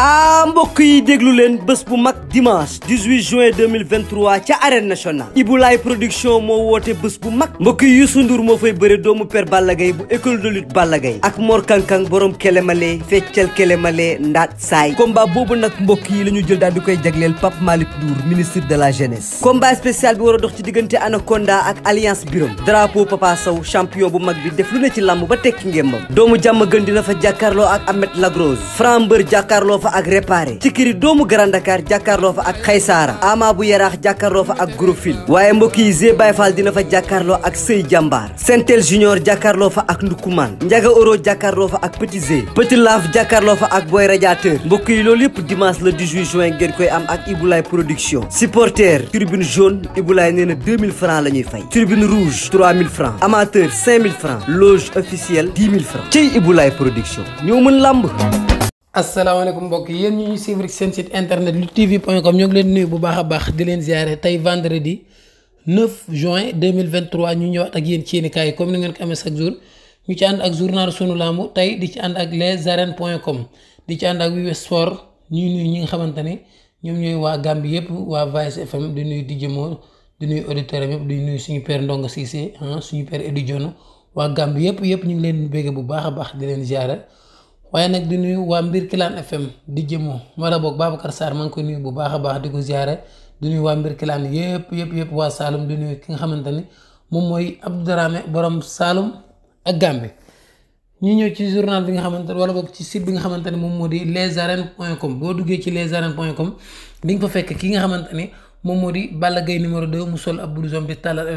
ah mbokk yi déglu leen bés bu mag dimanche 18 juin 2023 ca arène nationale Ibulaay production moo woote bés bu mag mbokk yi Youssou Ndour moo fay bëre doomu per Balla bu école de lutte Balla Gaye ak Mor Kankang borom kelemale feccal kelemale ndaat saay combat boobu nag mbokk yi la ñu jël daal di koy jagleel Pape Malick Ndour ministre de la jeunesse combat spécial bi dox ci diggante Anaconda ak alliance Birom drapeau Papa Sow champion bu mag bi def lu ne ci làmb ba tekki ngémbam doomu jàmm gën dina fa jàkkaarloo ak Ahmed Lagrose Fran Mbër jàkkaarloo fa ak réparé Cikiri doomu Grand Dakar jàkkaarloo fa ak Xaysaara Ama bu Yaraax jàkkaarloo ak Grofil waaye mbokki yi Zé dina fa jàkkaarloo ak Sëy Jàmbaar Sentel Junior jàkkaarloo fa ak Ndukumaan Njaga Oro jàkkaarloo fa ak Petit Zé Petit Laaf jàkkaarloo fa ak Boy Radiateur mbokk yi loolu yëpp dimanche le 18 juin ngeen koy am ak Iboulaye Production supporter tribune jaune Iboulaye nee na 2000 francs la ñuy fay tribune rouge 3000 francs amateur 5000 francs loge officielle 10 000 francs ci Iboulaye Production ñoo mën lamb asalaamaaleykum mbokk yéen ñu ñu suivre seen site internet lu tv point comme ñoo ngi leen nuyu bu baax a baax di leen ziare tey vendredi 9 juin 2023 ñu ñëwaat ak yéen ci yéen kaay comme ni ngeen ko amee chaque jour ñu ci ànd ak journal sunu lambu tey di ci ànd ak les arènes point com di ci ànd ak wiwe sport ñuy nuy ñi nga xamante ne ñoom ñooy waa Gambie yëpp waa Vice FM di nuyu di jëmoo di nuy auditeurs yëpp di nuyu suñu per Ndongo Cissé ah, suñu père Edou Diono waa Gambie yëpp yëpp ñu ngi leen bégge bu baax a baax di leen ziare. waaye nag di nuyu waa mbir kilaan fm di jëmo wala boog Babacar Sarr maa ngi koy nuyu bu baax a baax di ko ziare di nuyu waa mbir kilaan yëpp yëpp yëpp waa Saalum di nuyu ki nga xamante ni moom mooy Abdou Dramé borom Saalum ak Gambie ñu ñëw ci journal bi nga xamante ne wala boog ci site bi nga xamante ne moom moo di lesarènes point com boo duggee ci lesarènes point com di nga fa fekk ki nga xamante ni moom moo di Balla Gaye numéro 2 mu sol ab blouson bi tàllal ay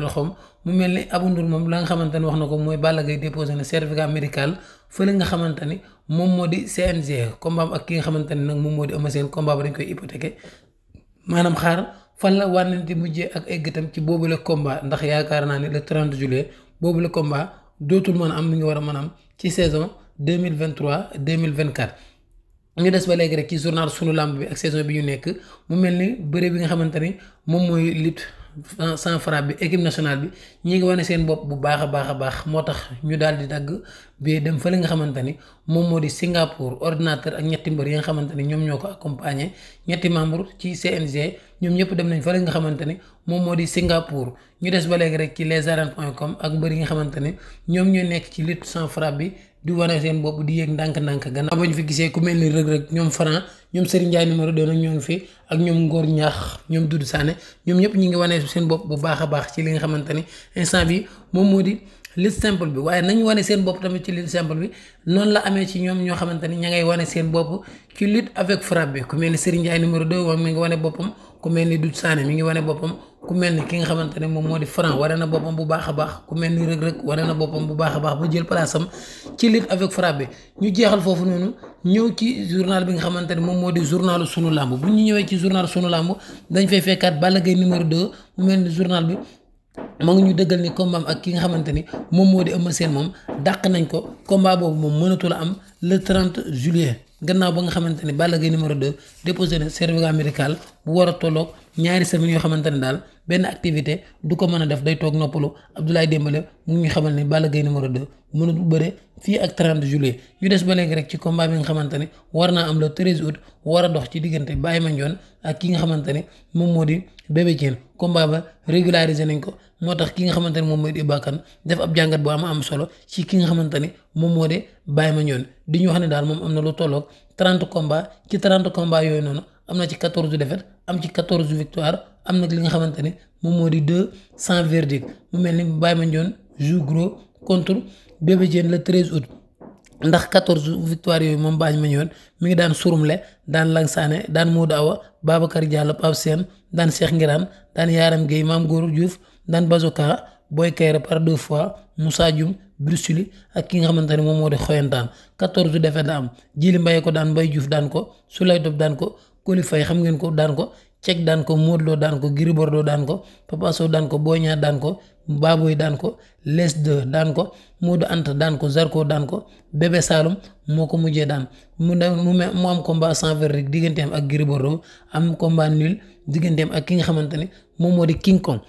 mu mel ni Abou Ndour moom la nga xamante ne wax na ko mooy Balla Gaye déposé na certificat médical fële nga xamante ni moom moo di CNG combat ak ki nga xamante ne nag moom moo di Eumeu Sène combat ba dañ koy hypothéqué maanaam xaar fan la wànnante mujjee ak ay gëtam ci la combat ndax yaakaar naa ne le 30 juillet boobule combat dootul mën a am mu ngi war a ci saison mën a am ci mille vingt 2024. ñu des ba léegi rek ci journal suñu lamb bi ak saison bi ñu nekk mu mel ni bëre bi nga xamante ni moom mooy lutte sans frappe bi équipe nationale bi ñi ngi wane seen bopp bu baax a baax a baax moo tax ñu daal di dagg bi dem fële nga xamante ni moom moo di Singapour ordinateur ak ñetti mbër yi nga xamante ni ñoom ñoo ko accompagner ñetti membre ci CNG ñoom ñëpp dem nañ fële nga xamante ni moom moo di Singapour ñu des ba léegi rek ci les comme ak mbër yi nga xamante ni ñoom ñoo nekk ci lutte sans frappe bi di wane seen bopp di yéeg ndànk-ndànk gannaaw bañ fi gisee ku mel ni rëg-rëg ñoom Franc ñoom Serigne Ndiaye numéro 2 nag ñoom fi ak ñoom Ngor Ñaax ñoom Doudou Sané ñoom ñëpp ñu ngi wane seen bopp bu baax a baax ci li nga xamante ni instant bi moom moo di lutte simple bi waaye nañu wane seen bopp tamit ci lutte simple bi noonu la amee ci ñoom ñoo xamante ni ña ngay wane seen bopp ci lutte avec frappe ku mel ni Serigne Ndiaye numéro 2 mi ngi wane boppam ku mel ni Doudou Sané mi ngi boppam ku mel ni nga xamante ne moom moo di Franc wane na boppam bu baax a baax ku mel ni rëg-rëg wane na boppam bu baax a baax ba jël place ci lutte avec frappe bi ñu jeexal foofu noonu ñëw ci journal bi nga xamante ne moom moo di journalu sunu làmb bu ñu ñëwee ci journal sunu làmb dañ fay fekkaat Balla Gaye numéro de mu mel ni journal bi. moo ngi ñu dëggal ni combat ak ki nga xamante ni moom moo di Eumeu Sène moom dàq nañ ko combat boobu moom mënatul a am le trente juillet gannaaw ba nga xamante ni Balla Gaye numéro 2 déposé na certificat médical bu war a tolloog ñaari semaines yoo xamante ne daal benn activité du ko mën a def day toog noppalu Abdoulaye Dembélé mu ngi xamal ne Balla Gaye numéro 2 mënut bëre fii ak 30 juillet ñu des ba léegi rek ci combat bi nga xamante ne war naa am le 13 août war a dox ci diggante Baye Mandione ak ki nga xamante ne moom moo di Bébé Diène combat ba régularisé nañ ko moo tax ki nga xamante ne moom mooy di bàkkan def ab jàngat bu am am solo ci ki nga xamante ne moom moo di Baye Mandione di ñu wax ne daal moom am na lu tolloog 30 combat ci 30 combat yooyu noonu am na ci 14 défaites am ci quatorze victoire am nag li nga xamante ne moom moo di deux sans verdict mu mel ni Baye Mandione joue gros contre Bébé Diène le treize août ndax quatorze victoire yooyu moom Baye Mandione mu ngi daan surumle daan Langsaane daan Modou Awa Babacar Diallo Pape Sène daan Cheikh Ngiraan daan Yaram Gueye Maam Góor Diouf daan Bazoka Boy Kayre par deux fois Moussa Dioum Brusuli ak ki nga xamante ne moom moo di xoyantaan quatorze defe la am Jili Mbaye ko daan Mbaye Diouf daan ko Soulay Top daan ko Coly Faye xam ngeen ko daan ko Cech daan ko Modou Lo daan ko Gris Bordeaux daan ko Papa Sow daan ko Boy Niang daan ko Baboy daan ko Les 2 daan ko Modou Anta daan ko Zarko daan ko Bébé Saloum moo ko mujjee daan mu ne mu am combat sans verdict digganteem ak Gris Bordeaux am combat nul digganteem ak ki nga xamante ne moom moo di King Kong.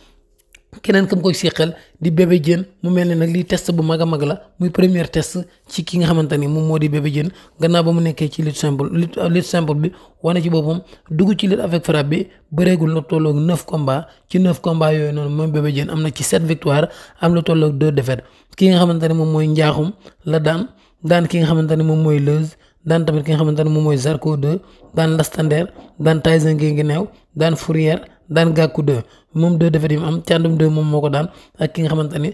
keneen kam koy séqal di bébé jën mu mel ne nag lii test bu mag a la muy première test ci ki nga xamante ni moom moo di bébé jën gannaaw ba mu nekkee ci lutte simple lutte simple bi wane ci boppam dugg ci lutte avec frappe bi bëreegul la tolloog neuf combats ci neuf combats yooyu noonu moom bébé jën am na ci sept victoire am la tolloog deux défaites ki nga xamante ne moom mooy njaaxum la daan daan ki nga xamante ne moom mooy lëz daan tamit ki nga xamante ne moom mooy Zarco 2 daan Lastander daan Tyson ngi neew daan Fourier daan gàkku 2 moom 2 defet yi mu am càndum 2 moom moo ko daan ak ki nga xamante ni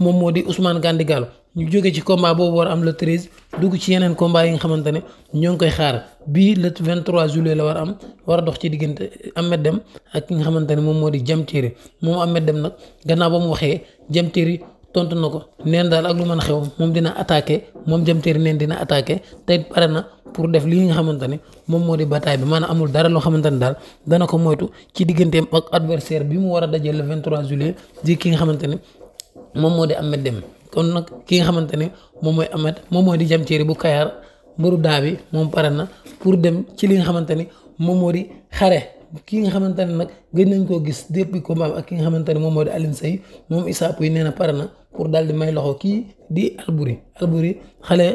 moom moo di Ousmane Gandigal ñu jóge ci combat boobu war am le 13 dugg ci yeneen combat yi nga xamante ne ñoo ngi koy xaar bii le 23 juillet la war am war a dox ci diggante Ahmed Dem ak ki nga xamante ne moom moo di Jam Téeri moom Ahmed Dem nag gannaaw ba mu waxee Jam Téeri tontu na ko neen daal ak lu mën a xew moom dina attaqué moom Jam Téeri neen dina attaqué tey pare na pour def lii nga xamante ne moom moo di bataille bi maanaam amul dara loo xamante daal dana ko moytu ci digganteem ak adversaire bi mu war a dajee le 23 juillet di ki nga xamante ne moom moo di Ahmed Deme kon nag ki nga xamante ne moom mooy Ahmed moom moo di jam ceeri bu Kayar mbëru daa bi moom pare na pour dem ci li nga xamante ne moom moo xare ki nga xamante ne nag gën nañ koo gis depuis combat ak ki nga xamante ne moom moo di Alioune Seye moom Issa Pouye nee na pare na pour daal di may loxo kii di Albouri Albouri xale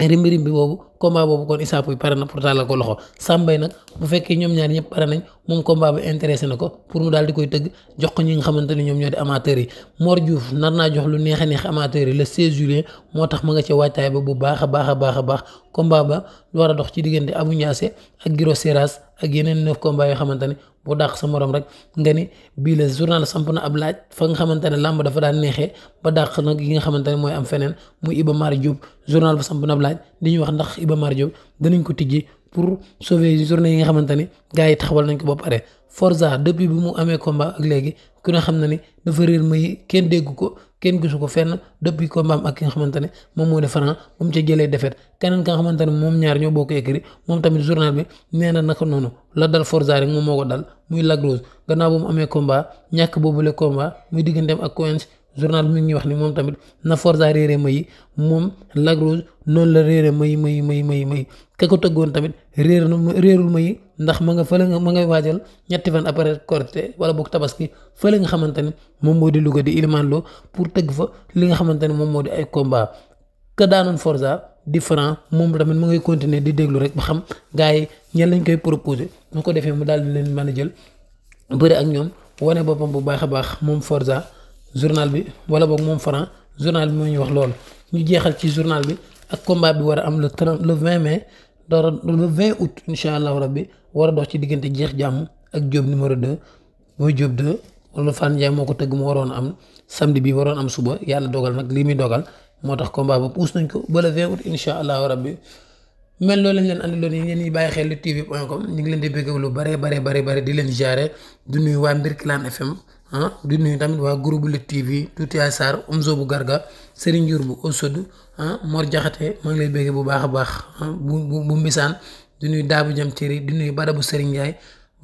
rimbi rimbi boobu combat boobu kon Issa Pouye pare na pour tàllal ko loxo Sambay nag bu fekkee ñoom ñaar ñëpp pare nañ moom combat bi intéressé na ko pour mu daal di koy tëgg jox ko ñi nga xamante ne ñoom ñoo di amateurs yi Mor Diouf nar naa jox lu neex neex amateurs yi le 16 juillet moo tax mu nga ca waajtaay ba bu baax a baax a baax a baax combat ba war a dox ci diggante Abou Niassé ak Giro Seras ak yeneen neuf combat yoo xamante ne boo dàq sa moroom rek nga ni bii la journal samp na ab laaj fa nga xamante ne làmb dafa daan neexee ba dàq na yi nga xamante ne mooy am feneen muy Iba Mar Diop journal bu samp na ab laaj di ñu wax ndax Iba Mar Diop danañ ko tijji pour sauver journée yi nga xamante ni gars yi taxawal nañ ko ba pare forsa depuis bi mu amee combat ak léegi ku ne xam na ni dafa réer may kenn dégg ko kenn gisu ko fenn depuis combat am ak ki nga xamante ne moom moo di Franc moom ca jëlee defet keneen ka nga moom ñaar ñoo bokk écrit moom tamit journal bi nee na noonu la dal Forza rek moom moo ko dal muy Lac gannaaw bu mu amee combat ñàkk boobule combat muy digganteem ak Quench journal bi mi ngi wax ni moom tamit na Forza réere may moom Lac Rose noonu la réere may mayi mayi may mayi ka ko tëggoon tamit réer réerul may ndax ma nga fële nga ma ngay waajal ñetti fan après Korité wala boog tabaski fële nga xamante ne moom moo di Louga di Iliman Lo pour tëgg fa li nga xamante ne moom moo di ay combat ka daanoon Forza di Franc moom tamit mu ngay continuer di déglu rek ba xam gars yi ñen lañ koy proposé bu ko defee mu daal di leen mën a jël ak ñoom wane boppam bu baax a baax moom Forza journal bi wala boog moom Franc journal bi moo ñu wax lool ñu jeexal ci journal bi ak combat bi war a am le 30 le 20 mai door le 20 août incha allahu rabbi war a ci diggante jeex jàmm ak Diop numéro 2 mooy Diop 2 wala Fane Ndiaye moo ko tëgg mu waroon am samedi bi waroon am suba yàlla dogal nag lii muy dogal moo tax combat boobu uus nañ ko ba le 20 août incha allahu rabbi mel loolu lañ leen andiloon yi ngeen ñuy bàyyi xel lu tv point com ñu ngi leen di bëgg lu bare bare bare bare di leen jaare du nuyu waa Mbir Kilaan FM ah di nuyu tamit waa groupe Lutte TV tuuti ay Sarr Omzo bu Garga Serigne Ndiour bu Osod ah Mor Jaxate maa ngi lay bëggee bu baax a baax ah, bu bu bu Mbisaan di nuyu Daabu Jam Téri di nuyu Bada bu Serigne Ndiaye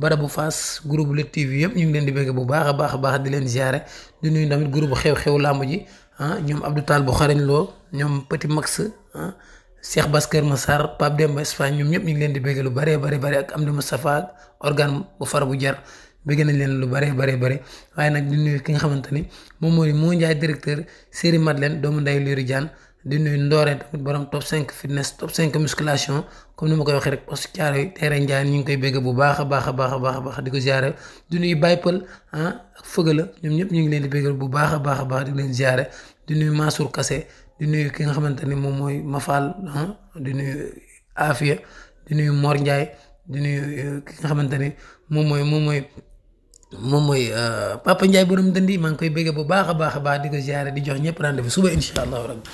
Bada bu Faas groupe Lutte TV yëpp ñu ngi leen di bëggee bu baax a baax a baax di leen ziare di nuyu tamit groupe xew-xew làmb ji ah ñoom Abdou taal bu xarañ loo ñoom Petit Max ah Cheikh saar Massar dem Demba Espagne ñoom ñëpp ñu ngi leen di bëggee lu bëree bëri bëri ak Amdi Moustapha organe bu far bu jar. bëgg nañ leen lu bare bare bare waaye nag di ki nga xamante ni moom moo di moo njaay directeur série Madeleine doomu nday Lirou Diane di nuyu Ndoore tamit borom top 5 fitness top 5 musculation comme ni ma koy waxee rek parce que caaro yi terrain Ndiaye koy bégg bu baax a baax a baax ko ziare di nuyu Baye Pël ah ak Fëgala ñoom ñëpp ñu ngi leen di bégg bu baax a baax a baax di leen ziare di nuyu Mansour Kassé di nuyu ki nga xamante ni moom mooy Mafal ah di di nuyu Mor di nuyu eh, ki nga xamante ni moom mooy moom mooy moom mooy euh, Papa Ndiaye borom dënd yi maa ngi koy bëggee bu baax a baax a baax di ko ziare di jox ñëpp rendez-vous suba incha allahu rabbi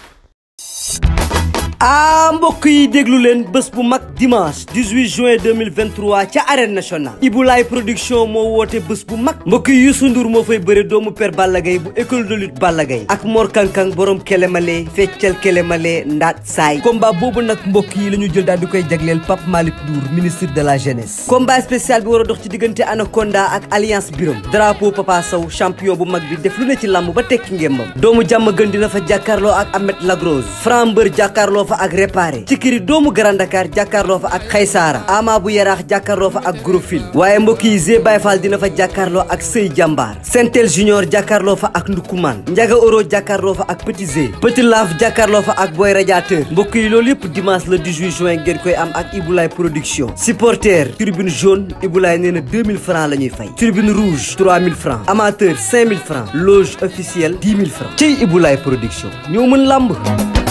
ah mbokk yi déglu leen bés bu mag dimanche 18 juin 2023 ca arène nationale Ibulaay production moo woote bés bu mag mbokk yi Youssou Ndour moo fay bëre doomu père Balla Gaye bu école de lutte Balla Gaye ak Mor Kankang borom kelemale feccal kelemale ndaat saay combat boobu nag mbokk yi la ñu jël daal di koy jagleel Pape Malick ministre de la jeunesse combat spécial bi diggante Anaconda ak alliance Birom drapeau Papa Sow champion bu mag bi def lu ne ci làmb ba tekki ngémbam doomu jàmm gën dina fa jàkkaarloo ak Ahmed Lagrose Fran Mbër jàkkaarloo fa fa ak réparé Cikiri doomu Grand Dakar jàkkaarloo fa ak Xaysaara Ama bu Yaraax jàkkaarloo ak Gros Fil waaye mbokk yi Zé dina fa jàkkaarloo ak Sëy Jàmbaar Sentel Junior jàkkaarloo fa ak Ndukuman Njaga Oro jàkkaarloo ak Petit Zé Petit Laaf jàkkaarloo fa ak Boy Radiateur mbokk yi loolu yëpp dimanche le 18 juin ngeen koy am ak Iboulaye Production supporter tribune jaune Iboulaye nee na 2000 francs la ñuy fay tribune rouge 3000 francs amateur 5000 francs loge officielle 10 000 francs ci Iboulaye Production ñoo mën lamb